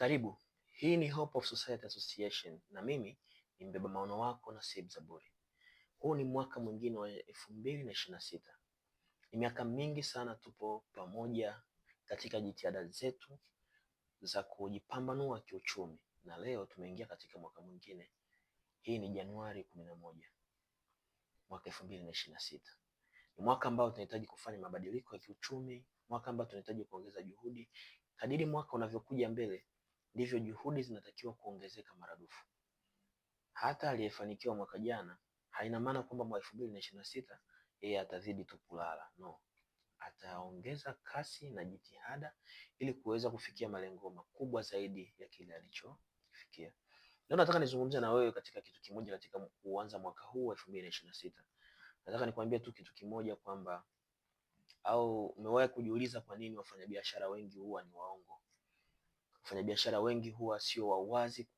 Karibu, hii ni Hope of Society Association na mimi ni mbeba maono wako na Nasib Zaburi. Huu ni mwaka mwingine wa elfu mbili na ishirini na sita. Ni miaka mingi sana tupo pamoja katika jitihada zetu za kujipambanua kiuchumi, na leo tumeingia katika mwaka mwingine. Hii ni Januari kumi na moja mwaka elfu mbili na ishirini na sita. Ni mwaka ambao tunahitaji kufanya mabadiliko ya kiuchumi, mwaka ambao tunahitaji kuongeza juhudi. Kadiri mwaka unavyokuja mbele ndivyo juhudi zinatakiwa kuongezeka maradufu. Hata aliyefanikiwa mwaka jana haina maana kwamba mwaka elfu mbili na ishirini na sita yeye atazidi tu kulala, no, ataongeza kasi na jitihada ili kuweza kufikia malengo makubwa zaidi ya kile alichofikia. Leo nataka nizungumze na wewe katika kitu kimoja katika kuanza mwaka huu wa elfu mbili na ishirini na sita. Nataka nikwambie tu kitu kimoja kwamba, au umewahi kujiuliza kwa nini wafanyabiashara wengi huwa ni waongo? wafanyabiashara wengi huwa sio wawazi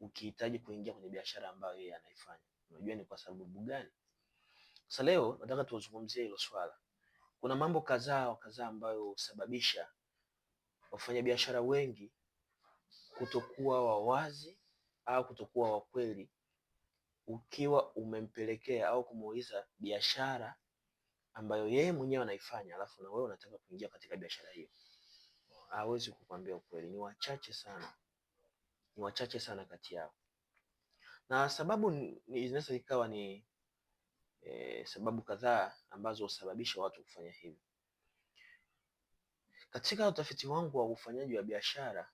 ukihitaji kuingia kwenye biashara ambayo yeye anaifanya. Unajua ni kwa sababu gani? Sasa leo nataka tuzungumzie hilo swala. Kuna mambo kadhaa wa kadhaa ambayo husababisha wafanyabiashara wengi kutokuwa wawazi au kutokuwa wakweli ukiwa umempelekea au kumuuliza biashara ambayo yeye mwenyewe anaifanya, alafu na wewe unataka kuingia katika biashara hiyo hawezi kukwambia ukweli, ni wachache sana, ni wachache sana kati yao, na sababu zinaweza ikawa ni e, sababu kadhaa ambazo husababisha watu kufanya hivyo. Katika utafiti wangu wa ufanyaji wa biashara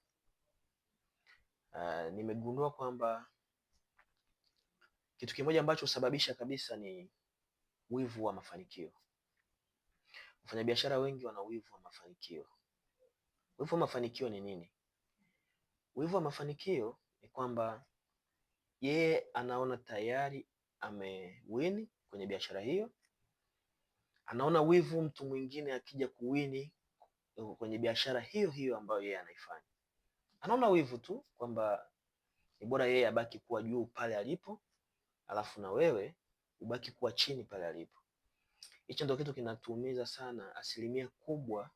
uh, nimegundua kwamba kitu kimoja ambacho husababisha kabisa ni wivu wa mafanikio. Wafanyabiashara wengi wana wivu wa mafanikio. Wivu wa mafanikio ni nini? Wivu wa mafanikio ni kwamba yeye anaona tayari amewini kwenye biashara hiyo, anaona wivu mtu mwingine akija kuwini kwenye biashara hiyo hiyo ambayo yeye anaifanya, anaona wivu tu kwamba ni bora yeye abaki kuwa juu pale alipo, alafu na wewe ubaki kuwa chini pale alipo. Hicho ndio kitu kinatuumiza sana asilimia kubwa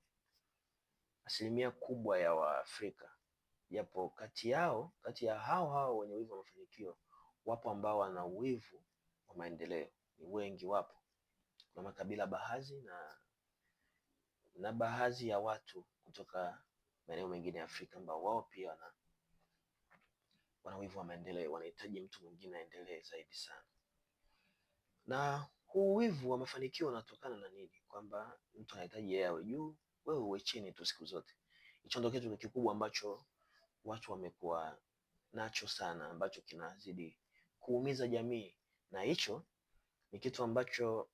asilimia kubwa ya Waafrika, japo kati yao kati ya hao hao wenye wivu wa mafanikio wapo ambao wana wivu wa maendeleo, ni wengi wapo. Kuna makabila baadhi na na baadhi ya watu kutoka maeneo mengine ya Afrika ambao wao pia wana wana wivu wa maendeleo, wanahitaji mtu mwingine aendelee zaidi sana. Na huu wivu wa mafanikio unatokana na nini? Kwamba mtu anahitaji yeye awe juu wewe uwe chini tu siku zote. Hicho ndio kitu kikubwa ambacho watu wamekuwa nacho sana, ambacho kinazidi kuumiza jamii, na hicho ni kitu ambacho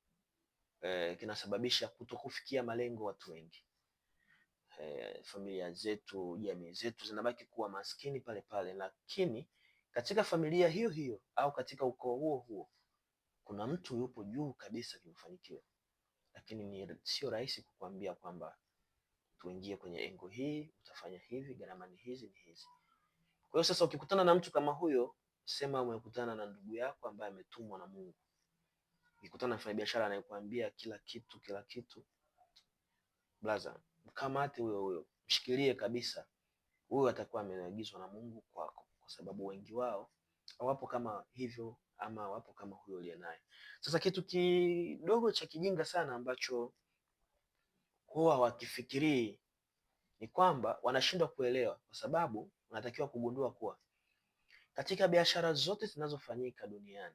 eh, kinasababisha kutokufikia malengo watu wengi. Eh, familia zetu, jamii zetu zinabaki kuwa maskini pale pale, lakini katika familia hiyo hiyo au katika ukoo huo huo kuna mtu yupo juu kabisa kimefanikiwa, lakini ni sio rahisi kukuambia kwamba tuingie kwenye engo hii, utafanya hivi, gharama ni hizi ni hizi. Kwa hiyo sasa ukikutana na mtu kama huyo, sema umekutana na ndugu yako ambaye ametumwa na Mungu. Ukikutana na mfanyabiashara anayekuambia kila kitu kila kitu, blaza, mkamate huyo huyo, mshikilie kabisa. Huyo atakuwa ameagizwa na Mungu kwako, kwa sababu wengi wao wapo kama hivyo ama wapo kama huyo uliye naye. Sasa kitu kidogo cha kijinga sana ambacho huwa wakifikirii ni kwamba wanashindwa kuelewa, kwa sababu unatakiwa kugundua kuwa katika biashara zote zinazofanyika duniani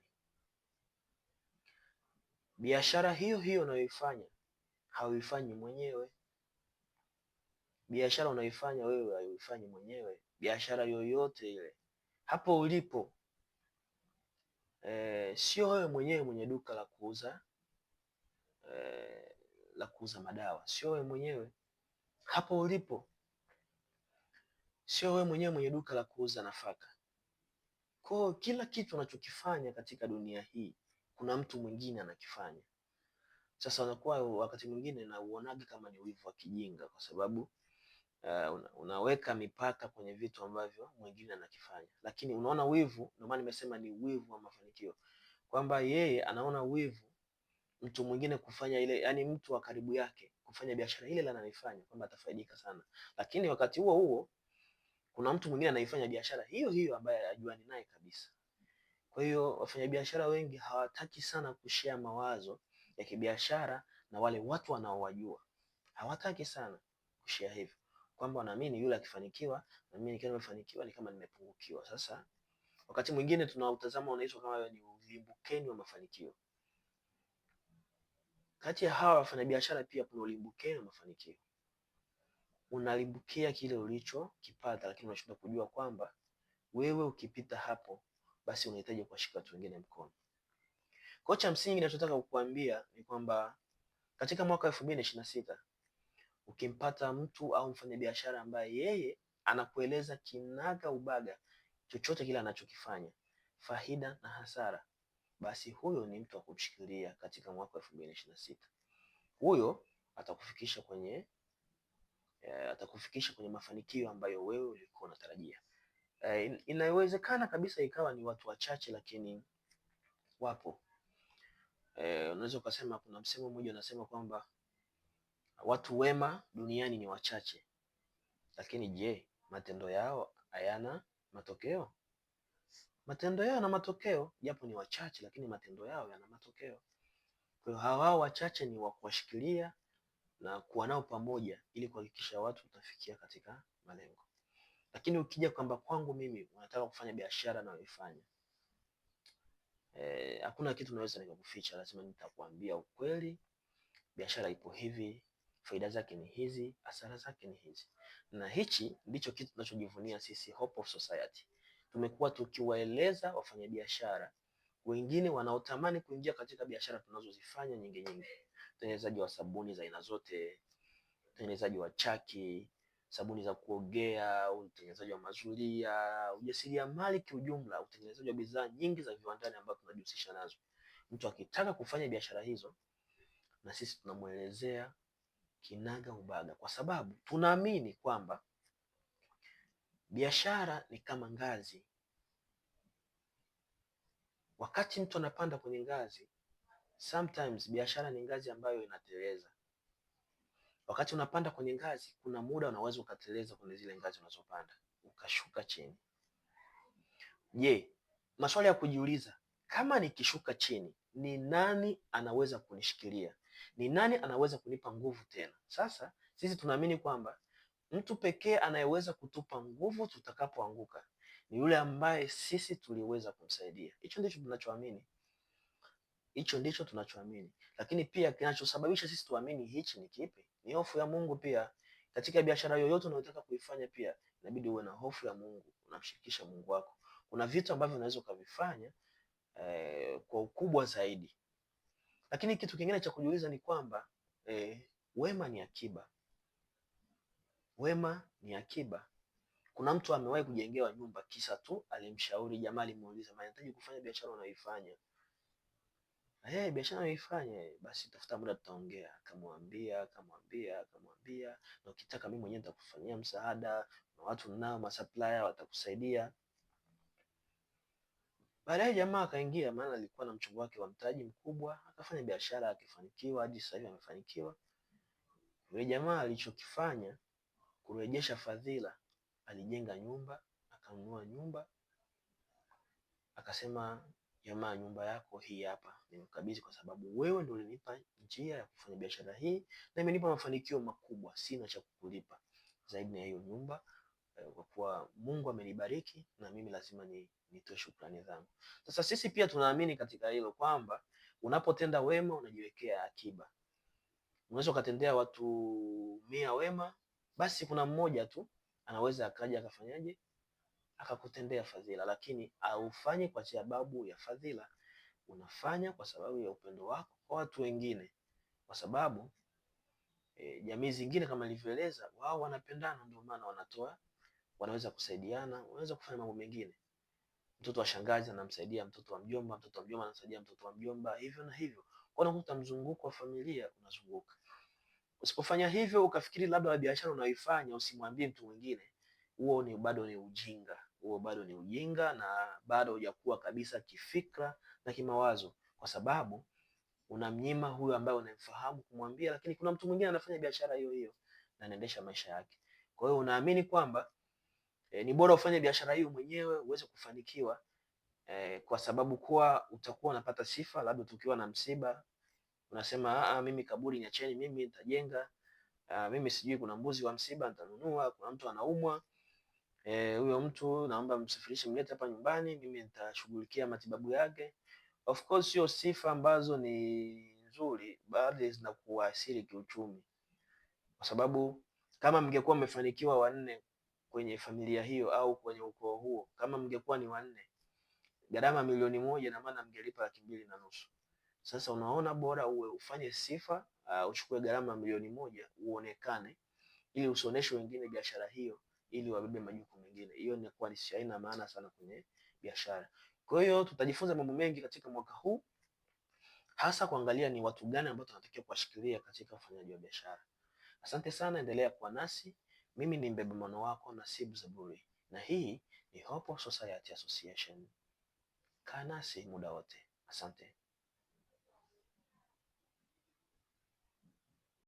biashara hiyo hiyo unayoifanya hauifanyi mwenyewe. Biashara unayoifanya wewe hauifanyi mwenyewe, biashara yoyote ile hapo ulipo e, sio wewe mwenyewe mwenye duka la kuuza e, la kuuza madawa, sio wewe mwenyewe hapo ulipo, sio wewe mwenyewe mwenye duka la kuuza nafaka. Kwa kila kitu unachokifanya katika dunia hii kuna mtu mwingine anakifanya. Sasa unakuwa wakati mwingine nauonaga kama ni wivu wa kijinga, kwa sababu uh, unaweka mipaka kwenye vitu ambavyo mwingine anakifanya, lakini unaona wivu. Ndio maana nimesema ni wivu wa mafanikio, kwamba yeye anaona wivu mtu mwingine kufanya ile, yani mtu wa karibu yake kufanya biashara ile ananifanya kwamba atafaidika sana, lakini wakati huo huo kuna mtu mwingine anaifanya biashara hiyo hiyo ambaye hajuani naye kabisa. Kwa hiyo wafanyabiashara wengi hawataki sana kushare mawazo ya kibiashara na wale watu wanaowajua, hawataki sana kushare hivyo, kwamba wanaamini yule akifanikiwa na mimi nikiwa nimefanikiwa ni kama nimepungukiwa. Sasa wakati mwingine tunautazama unaitwa kama ni ulimbukeni wa mafanikio. Kati ya hawa wafanyabiashara pia kuna ulimbukeni na mafanikio. Unalimbukia kile ulichokipata, lakini unashindwa kujua kwamba wewe ukipita hapo, basi unahitaji kuwashika watu wengine mkono. Kwa cha msingi ninachotaka kukuambia ni kwamba katika mwaka elfu mbili na ishirini na sita ukimpata mtu au mfanyabiashara ambaye yeye anakueleza kinaga ubaga chochote kile anachokifanya, faida na hasara basi huyo ni mtu wa kumshikilia katika mwaka elfu mbili na ishirini na sita. Huyo atakufikisha kwenye e, atakufikisha kwenye mafanikio ambayo wewe ulikuwa unatarajia. E, inawezekana kabisa ikawa ni watu wachache, lakini wapo. E, unaweza ukasema kuna msemo mmoja unasema kwamba watu wema duniani ni wachache, lakini je, matendo yao hayana matokeo? matendo yao yana matokeo, japo ni wachache, lakini matendo yao yana matokeo. Kwa hiyo wachache ni wa kuwashikilia na kuwa nao pamoja, ili kuhakikisha watu utafikia katika malengo. Lakini ukija kwamba kwangu mimi unataka kufanya biashara uifanye, eh, hakuna kitu naweza nikakuficha, lazima nitakwambia ukweli. Biashara ipo hivi, faida zake ni hizi, hasara zake ni hizi, na hichi ndicho kitu tunachojivunia sisi Hope of Society tumekuwa tukiwaeleza wafanyabiashara wengine wanaotamani kuingia katika biashara tunazozifanya nyingi nyingi, utengenezaji wa sabuni za aina zote, utengenezaji wa chaki, sabuni za kuogea, utengenezaji wa mazulia, ujasiriamali kiujumla, utengenezaji wa bidhaa nyingi za viwandani ambazo tunajihusisha nazo. Mtu akitaka kufanya biashara hizo, na sisi tunamwelezea kinaga ubaga, kwa sababu tunaamini kwamba Biashara ni kama ngazi. Wakati mtu anapanda kwenye ngazi, sometimes biashara ni ngazi ambayo inateleza. Wakati unapanda kwenye ngazi, kuna muda unaweza ukateleza kwenye zile ngazi unazopanda ukashuka chini. Je, maswali ya kujiuliza, kama nikishuka chini, ni nani anaweza kunishikilia? Ni nani anaweza kunipa nguvu tena? Sasa sisi tunaamini kwamba Mtu pekee anayeweza kutupa nguvu tutakapoanguka ni yule ambaye sisi tuliweza kumsaidia. Hicho ndicho tunachoamini, hicho ndicho tunachoamini. Lakini pia kinachosababisha sisi tuamini hichi ni kipi? Ni hofu ya Mungu. Pia katika biashara yoyote unayotaka kuifanya, pia inabidi uwe na hofu ya Mungu, unamshirikisha Mungu wako. Kuna vitu ambavyo unaweza ukavifanya eh, kwa ukubwa zaidi. Lakini kitu kingine cha kujiuliza ni kwamba eh, wema ni akiba. Wema ni akiba. Kuna mtu amewahi kujengewa nyumba kisa tu alimshauri jamaa, alimuuliza nahitaji kufanya biashara unaoifanya. Eh, Hey, biashara unaoifanya basi tafuta muda tutaongea. Akamwambia, akamwambia, akamwambia, na ukitaka mimi mwenyewe nitakufanyia msaada na watu ninao ma supplier watakusaidia. Baadaye jamaa akaingia, maana alikuwa na mchongo wake wa mtaji mkubwa, akafanya biashara akifanikiwa, hadi sasa hivi amefanikiwa. Yule jamaa alichokifanya Kurejesha fadhila, alijenga nyumba, akanunua nyumba, akasema jamaa, nyumba yako hii hapa nimekabidhi, kwa sababu wewe ndio ulinipa njia ya kufanya biashara hii na imenipa mafanikio makubwa. Sina cha kukulipa zaidi ya hiyo nyumba, eh, kwa kuwa Mungu amenibariki na mimi lazima ni nitoe shukrani zangu. Sasa sisi pia tunaamini katika hilo kwamba unapotenda wema unajiwekea akiba. Unaweza ukatendea watu mia wema basi kuna mmoja tu anaweza akaja akafanyaje akakutendea fadhila, lakini aufanye kwa sababu ya fadhila, unafanya kwa sababu ya upendo wako kwa watu wengine, kwa sababu e, jamii zingine kama nilivyoeleza, wao wanapendana, ndio maana wanatoa, wanaweza kusaidiana, wanaweza kufanya mambo mengine. Mtoto wa shangazi anamsaidia mtoto wa mjomba, mtoto wa mjomba anasaidia mtoto wa mjomba, hivyo na hivyo, kwa unakuta mzunguko wa familia unazunguka. Usipofanya hivyo ukafikiri labda wa biashara unaoifanya usimwambie mtu mwingine, huo ni bado ni ujinga, huo bado ni ujinga na bado hujakuwa kabisa kifikra na kimawazo, kwa sababu unamnyima huyo ambaye unamfahamu kumwambia, lakini kuna mtu mwingine anafanya biashara hiyo hiyo na anaendesha maisha yake. Kwa hiyo unaamini kwamba e, ni bora ufanye biashara hiyo mwenyewe uweze kufanikiwa e, kwa sababu kuwa utakuwa unapata sifa, labda tukiwa na msiba unasema a, ah, mimi kaburi niacheni mimi nitajenga, ah, mimi sijui kuna mbuzi wa msiba nitanunua, kuna mtu anaumwa eh, huyo mtu naomba msafirishe mlete hapa nyumbani, mimi nitashughulikia matibabu yake. Of course hiyo sifa ambazo ni nzuri, baadhi zinakuathiri kiuchumi, kwa sababu kama mngekuwa mmefanikiwa wanne kwenye familia hiyo au kwenye ukoo huo, kama mngekuwa ni wanne, gharama milioni moja na maana mngelipa laki mbili na nusu. Sasa unaona bora uwe ufanye sifa uh, uchukue gharama milioni moja uonekane, ili usoneshe wengine biashara hiyo, ili wabebe majukumu mengine. Hiyo ni kwa ni aina maana sana kwenye biashara. Kwa hiyo tutajifunza mambo mengi katika mwaka huu, hasa kuangalia ni watu gani ambao tunatakiwa kuwashikilia katika ufanyaji wa biashara. Asante sana, endelea kuwa nasi. Mimi ni mbebe mwana wako Nasibu Zaburi, na hii ni Hope Society Association. Kaa nasi muda wote, asante.